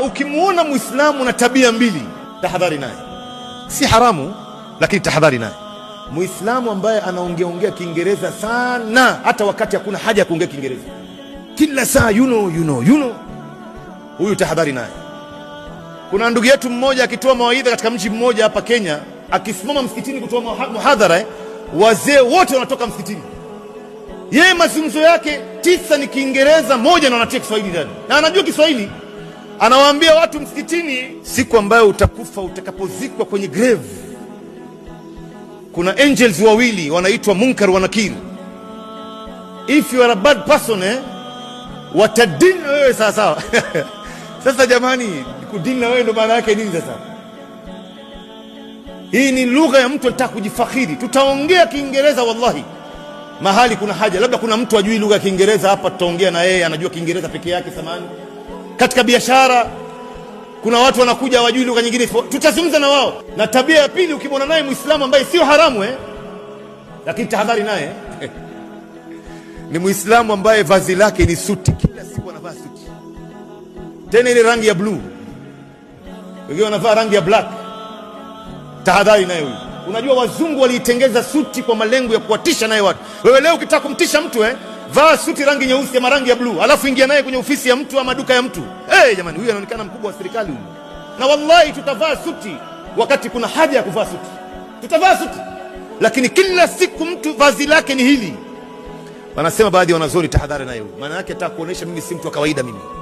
Ukimuona Muislamu na tabia mbili, tahadhari naye. Si haramu, lakini tahadhari naye. Muislamu ambaye anaongeongea Kiingereza sana, hata wakati hakuna haja ya kuongea Kiingereza, kila saa you know, you know, you know, huyu tahadhari naye. Kuna ndugu yetu mmoja akitoa mawaidha katika mji mmoja hapa Kenya, akisimama msikitini kutoa muhadhara eh, wazee wote wanatoka msikitini yeye mazungumzo yake tisa ni Kiingereza, moja na wanatia Kiswahili ndani, na anajua Kiswahili Anawaambia watu msikitini, siku ambayo utakufa utakapozikwa kwenye grave, kuna angels wawili wanaitwa Munkar wa Nakir. If you are a bad person eh, watadini na wewe sawa sawa. Sasa jamani, kudini na wewe ndo maana yake nini? Sasa hii ni lugha ya mtu anataka kujifakhiri. Tutaongea Kiingereza wallahi mahali kuna haja, labda kuna mtu ajui lugha ya Kiingereza hapa, tutaongea na yeye anajua Kiingereza peke yake. Samani katika biashara kuna watu wanakuja wajui lugha nyingine, tutazungumza na wao. Na tabia ya pili, ukimwona naye Muislamu ambaye sio haramu eh, lakini tahadhari naye eh, ni Muislamu ambaye vazi lake ni suti, kila siku anavaa suti, tena ile rangi ya bluu, wengine wanavaa rangi ya black. Tahadhari naye huyu. Unajua wazungu waliitengeza suti kwa malengo ya kuwatisha naye watu. Wewe leo ukitaka kumtisha mtu eh vaa suti rangi nyeusi ama rangi ya bluu, alafu ingia naye kwenye ofisi ya mtu ama duka ya mtu. Hey, eh, jamani, huyu anaonekana mkubwa wa serikali huyu. Na wallahi tutavaa suti wakati kuna haja ya kuvaa suti, tutavaa suti, lakini kila siku mtu vazi lake ni hili. Wanasema baadhi ya wanazuoni, tahadhari naye huyu, maana yake atakuonyesha mimi si mtu wa kawaida mimi